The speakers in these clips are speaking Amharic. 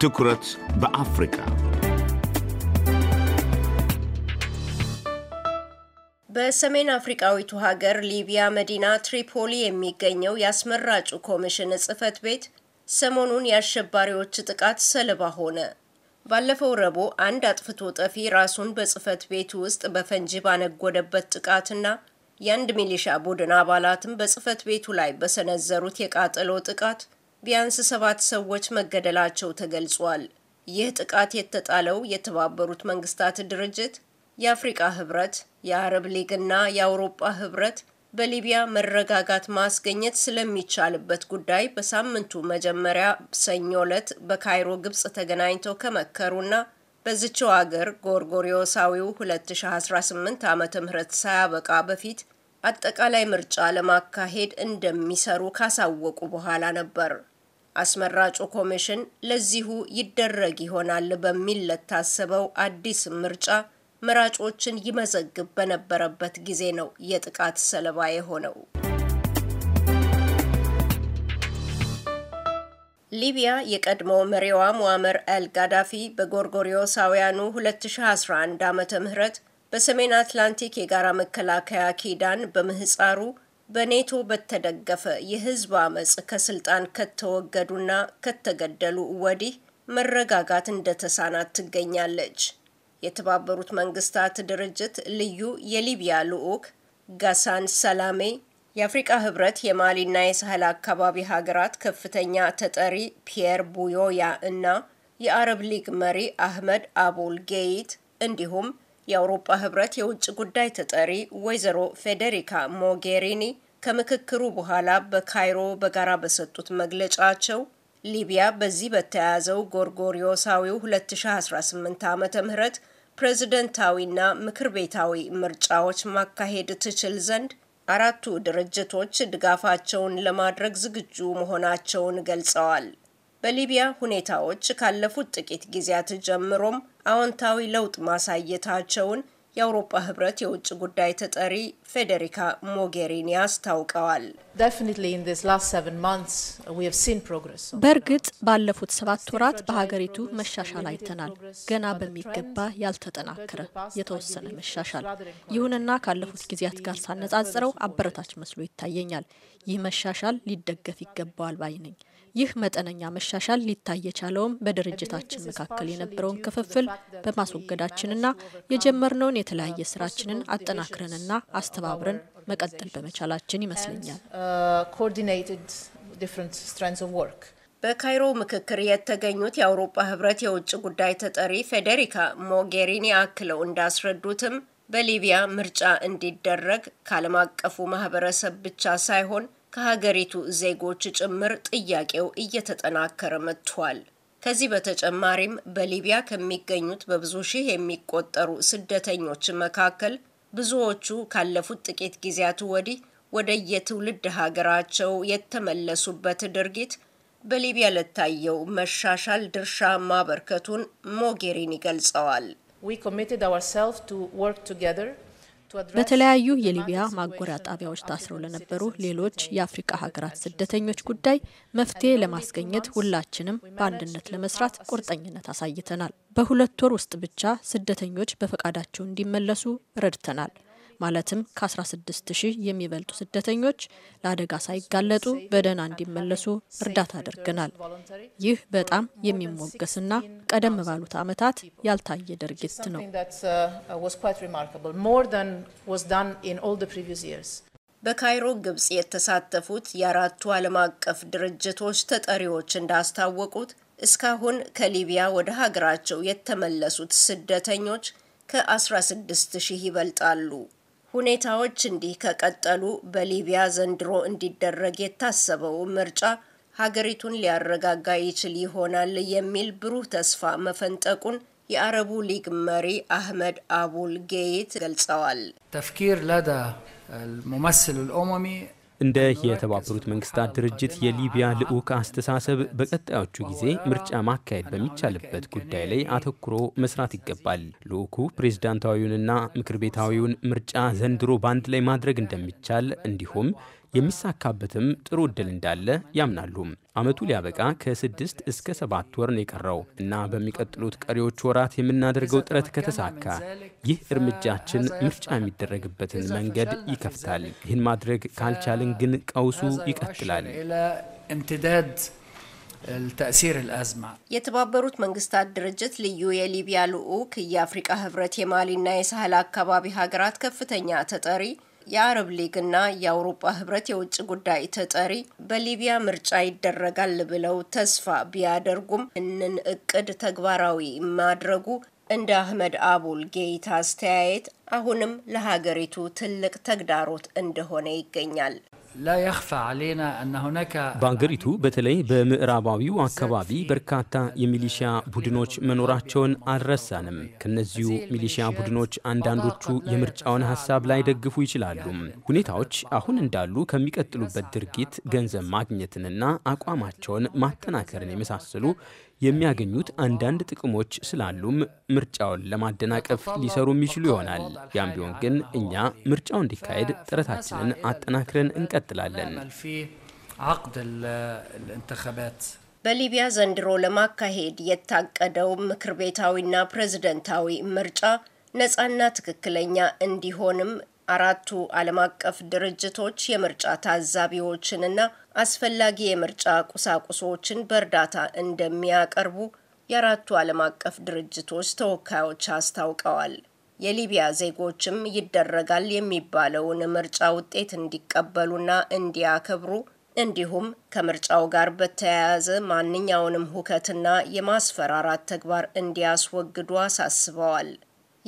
ትኩረት በአፍሪካ በሰሜን አፍሪቃዊቱ ሀገር ሊቢያ መዲና ትሪፖሊ የሚገኘው የአስመራጩ ኮሚሽን ጽህፈት ቤት ሰሞኑን የአሸባሪዎች ጥቃት ሰለባ ሆነ። ባለፈው ረቡዕ አንድ አጥፍቶ ጠፊ ራሱን በጽህፈት ቤቱ ውስጥ በፈንጂ ባነጎደበት ጥቃትና የአንድ ሚሊሻ ቡድን አባላትም በጽህፈት ቤቱ ላይ በሰነዘሩት የቃጠሎ ጥቃት ቢያንስ ሰባት ሰዎች መገደላቸው ተገልጿል። ይህ ጥቃት የተጣለው የተባበሩት መንግስታት ድርጅት፣ የአፍሪቃ ህብረት፣ የአረብ ሊግና የአውሮጳ ህብረት በሊቢያ መረጋጋት ማስገኘት ስለሚቻልበት ጉዳይ በሳምንቱ መጀመሪያ ሰኞ ዕለት በካይሮ ግብጽ ተገናኝተው ከመከሩና በዝችው አገር ጎርጎሪዮሳዊው 2018 ዓ ም ሳያበቃ በፊት አጠቃላይ ምርጫ ለማካሄድ እንደሚሰሩ ካሳወቁ በኋላ ነበር። አስመራጩ ኮሚሽን ለዚሁ ይደረግ ይሆናል በሚል ለታሰበው አዲስ ምርጫ መራጮችን ይመዘግብ በነበረበት ጊዜ ነው የጥቃት ሰለባ የሆነው። ሊቢያ የቀድሞ መሪዋ ሙአመር አልጋዳፊ በጎርጎሪዮሳውያኑ 2011 ዓ ምህረት በሰሜን አትላንቲክ የጋራ መከላከያ ኪዳን በምህፃሩ በኔቶ በተደገፈ የህዝብ አመፅ ከስልጣን ከተወገዱና ከተገደሉ ወዲህ መረጋጋት ተሳናት ትገኛለች። የተባበሩት መንግስታት ድርጅት ልዩ የሊቢያ ልዑክ ጋሳን ሰላሜ፣ የአፍሪቃ ህብረት የማሊና የሳህል አካባቢ ሀገራት ከፍተኛ ተጠሪ ፒየር ቡዮያ እና የአረብ ሊግ መሪ አህመድ አቡል ጌይት እንዲሁም የአውሮፓ ህብረት የውጭ ጉዳይ ተጠሪ ወይዘሮ ፌዴሪካ ሞጌሪኒ ከምክክሩ በኋላ በካይሮ በጋራ በሰጡት መግለጫቸው ሊቢያ በዚህ በተያያዘው ጎርጎሪዮሳዊው 2018 ዓ ም ፕሬዝደንታዊና ምክር ቤታዊ ምርጫዎች ማካሄድ ትችል ዘንድ አራቱ ድርጅቶች ድጋፋቸውን ለማድረግ ዝግጁ መሆናቸውን ገልጸዋል። በሊቢያ ሁኔታዎች ካለፉት ጥቂት ጊዜያት ጀምሮም አዎንታዊ ለውጥ ማሳየታቸውን የአውሮፓ ህብረት የውጭ ጉዳይ ተጠሪ ፌዴሪካ ሞጌሪኒ አስታውቀዋል። uh, በእርግጥ ባለፉት ሰባት ወራት በሀገሪቱ መሻሻል አይተናል። ገና በሚገባ ያልተጠናከረ የተወሰነ መሻሻል፣ ይሁንና ካለፉት ጊዜያት ጋር ሳነጻጽረው አበረታች መስሎ ይታየኛል። ይህ መሻሻል ሊደገፍ ይገባዋል ባይ ነኝ። ይህ መጠነኛ መሻሻል ሊታይ የቻለውም በድርጅታችን መካከል የነበረውን ክፍፍል በማስወገዳችንና የጀመርነውን የተለያየ ስራችንን አጠናክረንና አስተባብረን መቀጠል በመቻላችን ይመስለኛል። በካይሮ ምክክር የተገኙት የአውሮፓ ህብረት የውጭ ጉዳይ ተጠሪ ፌዴሪካ ሞጌሪኒ አክለው እንዳስረዱትም በሊቢያ ምርጫ እንዲደረግ ከዓለም አቀፉ ማህበረሰብ ብቻ ሳይሆን ከሀገሪቱ ዜጎች ጭምር ጥያቄው እየተጠናከረ መጥቷል። ከዚህ በተጨማሪም በሊቢያ ከሚገኙት በብዙ ሺህ የሚቆጠሩ ስደተኞች መካከል ብዙዎቹ ካለፉት ጥቂት ጊዜያት ወዲህ ወደ የትውልድ ሀገራቸው የተመለሱበት ድርጊት በሊቢያ ለታየው መሻሻል ድርሻ ማበርከቱን ሞጌሪኒ ገልጸዋል። በተለያዩ የሊቢያ ማጎሪያ ጣቢያዎች ታስረው ለነበሩ ሌሎች የአፍሪቃ ሀገራት ስደተኞች ጉዳይ መፍትሄ ለማስገኘት ሁላችንም በአንድነት ለመስራት ቁርጠኝነት አሳይተናል። በሁለት ወር ውስጥ ብቻ ስደተኞች በፈቃዳቸው እንዲመለሱ ረድተናል። ማለትም ከ16 ሺህ የሚበልጡ ስደተኞች ለአደጋ ሳይጋለጡ በደህና እንዲመለሱ እርዳታ አድርገናል። ይህ በጣም የሚሞገስና ቀደም ባሉት ዓመታት ያልታየ ድርጊት ነው። በካይሮ ግብጽ የተሳተፉት የአራቱ ዓለም አቀፍ ድርጅቶች ተጠሪዎች እንዳስታወቁት እስካሁን ከሊቢያ ወደ ሀገራቸው የተመለሱት ስደተኞች ከ16 ሺህ ይበልጣሉ። ሁኔታዎች እንዲህ ከቀጠሉ በሊቢያ ዘንድሮ እንዲደረግ የታሰበው ምርጫ ሀገሪቱን ሊያረጋጋ ይችል ይሆናል የሚል ብሩህ ተስፋ መፈንጠቁን የአረቡ ሊግ መሪ አህመድ አቡል ጌይት ገልጸዋል። ተፍኪር ለዳ ሙመስል ልኦሞሚ እንደ የተባበሩት መንግስታት ድርጅት የሊቢያ ልዑክ አስተሳሰብ በቀጣዮቹ ጊዜ ምርጫ ማካሄድ በሚቻልበት ጉዳይ ላይ አተኩሮ መስራት ይገባል። ልዑኩ ፕሬዝዳንታዊውንና ምክር ቤታዊውን ምርጫ ዘንድሮ በአንድ ላይ ማድረግ እንደሚቻል እንዲሁም የሚሳካበትም ጥሩ እድል እንዳለ ያምናሉ። አመቱ ሊያበቃ ከስድስት እስከ ሰባት ወር ነው የቀረው እና በሚቀጥሉት ቀሪዎች ወራት የምናደርገው ጥረት ከተሳካ ይህ እርምጃችን ምርጫ የሚደረግበትን መንገድ ይከፍታል። ይህን ማድረግ ካልቻልን ግን ቀውሱ ይቀጥላል። የተባበሩት መንግስታት ድርጅት ልዩ የሊቢያ ልዑክ የአፍሪቃ ህብረት የማሊና የሳህል አካባቢ ሀገራት ከፍተኛ ተጠሪ የአረብ ሊግና የአውሮፓ ህብረት የውጭ ጉዳይ ተጠሪ በሊቢያ ምርጫ ይደረጋል ብለው ተስፋ ቢያደርጉም እንን እቅድ ተግባራዊ ማድረጉ እንደ አህመድ አቡል ጌይታ አስተያየት አሁንም ለሀገሪቱ ትልቅ ተግዳሮት እንደሆነ ይገኛል። በአገሪቱ በተለይ በምዕራባዊው አካባቢ በርካታ የሚሊሺያ ቡድኖች መኖራቸውን አልረሳንም። ከነዚሁ ሚሊሺያ ቡድኖች አንዳንዶቹ የምርጫውን ሀሳብ ላይ ደግፉ ይችላሉ። ሁኔታዎች አሁን እንዳሉ ከሚቀጥሉበት ድርጊት ገንዘብ ማግኘትንና አቋማቸውን ማጠናከርን የመሳሰሉ የሚያገኙት አንዳንድ ጥቅሞች ስላሉም ምርጫውን ለማደናቀፍ ሊሰሩ የሚችሉ ይሆናል። ያም ቢሆን ግን እኛ ምርጫው እንዲካሄድ ጥረታችንን አጠናክረን እንቀጥላለን። በሊቢያ ዘንድሮ ለማካሄድ የታቀደው ምክር ቤታዊና ፕሬዝደንታዊ ምርጫ ነፃና ትክክለኛ እንዲሆንም አራቱ ዓለም አቀፍ ድርጅቶች የምርጫ ታዛቢዎችንና አስፈላጊ የምርጫ ቁሳቁሶችን በእርዳታ እንደሚያቀርቡ የአራቱ ዓለም አቀፍ ድርጅቶች ተወካዮች አስታውቀዋል። የሊቢያ ዜጎችም ይደረጋል የሚባለውን ምርጫ ውጤት እንዲቀበሉና እንዲያከብሩ እንዲሁም ከምርጫው ጋር በተያያዘ ማንኛውንም ሁከትና የማስፈራራት ተግባር እንዲያስወግዱ አሳስበዋል።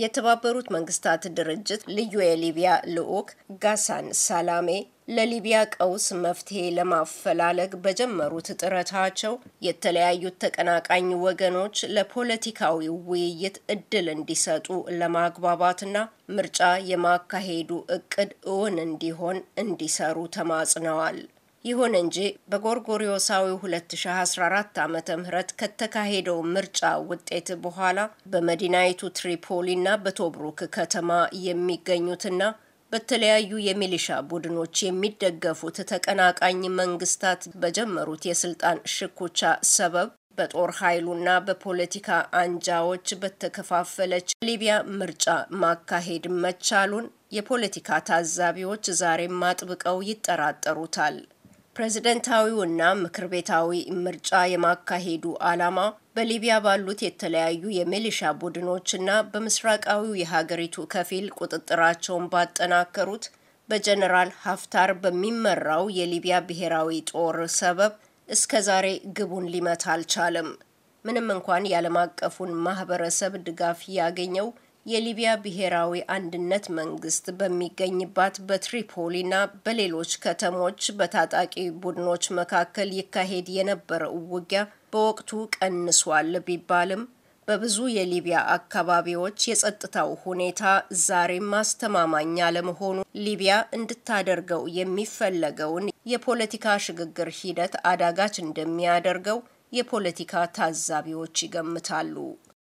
የተባበሩት መንግስታት ድርጅት ልዩ የሊቢያ ልዑክ ጋሳን ሳላሜ ለሊቢያ ቀውስ መፍትሄ ለማፈላለግ በጀመሩት ጥረታቸው የተለያዩት ተቀናቃኝ ወገኖች ለፖለቲካዊ ውይይት እድል እንዲሰጡ ለማግባባትና ምርጫ የማካሄዱ እቅድ እውን እንዲሆን እንዲሰሩ ተማጽነዋል። ይሁን እንጂ በጎርጎሪዮሳዊ 2014 ዓ ም ከተካሄደው ምርጫ ውጤት በኋላ በመዲናይቱ ትሪፖሊና በቶብሩክ ከተማ የሚገኙትና በተለያዩ የሚሊሻ ቡድኖች የሚደገፉት ተቀናቃኝ መንግስታት በጀመሩት የስልጣን ሽኩቻ ሰበብ በጦር ኃይሉና በፖለቲካ አንጃዎች በተከፋፈለች ሊቢያ ምርጫ ማካሄድ መቻሉን የፖለቲካ ታዛቢዎች ዛሬም አጥብቀው ይጠራጠሩታል። ፕሬዝደንታዊውና ምክር ቤታዊ ምርጫ የማካሄዱ ዓላማ በሊቢያ ባሉት የተለያዩ የሚሊሻ ቡድኖችና በምስራቃዊው የሀገሪቱ ከፊል ቁጥጥራቸውን ባጠናከሩት በጀነራል ሀፍታር በሚመራው የሊቢያ ብሔራዊ ጦር ሰበብ እስከ ዛሬ ግቡን ሊመታ አልቻለም። ምንም እንኳን የዓለም አቀፉን ማህበረሰብ ድጋፍ ያገኘው የሊቢያ ብሔራዊ አንድነት መንግስት በሚገኝባት በትሪፖሊና በሌሎች ከተሞች በታጣቂ ቡድኖች መካከል ይካሄድ የነበረው ውጊያ በወቅቱ ቀንሷል ቢባልም በብዙ የሊቢያ አካባቢዎች የጸጥታው ሁኔታ ዛሬም አስተማማኝ አለመሆኑ ሊቢያ እንድታደርገው የሚፈለገውን የፖለቲካ ሽግግር ሂደት አዳጋች እንደሚያደርገው የፖለቲካ ታዛቢዎች ይገምታሉ።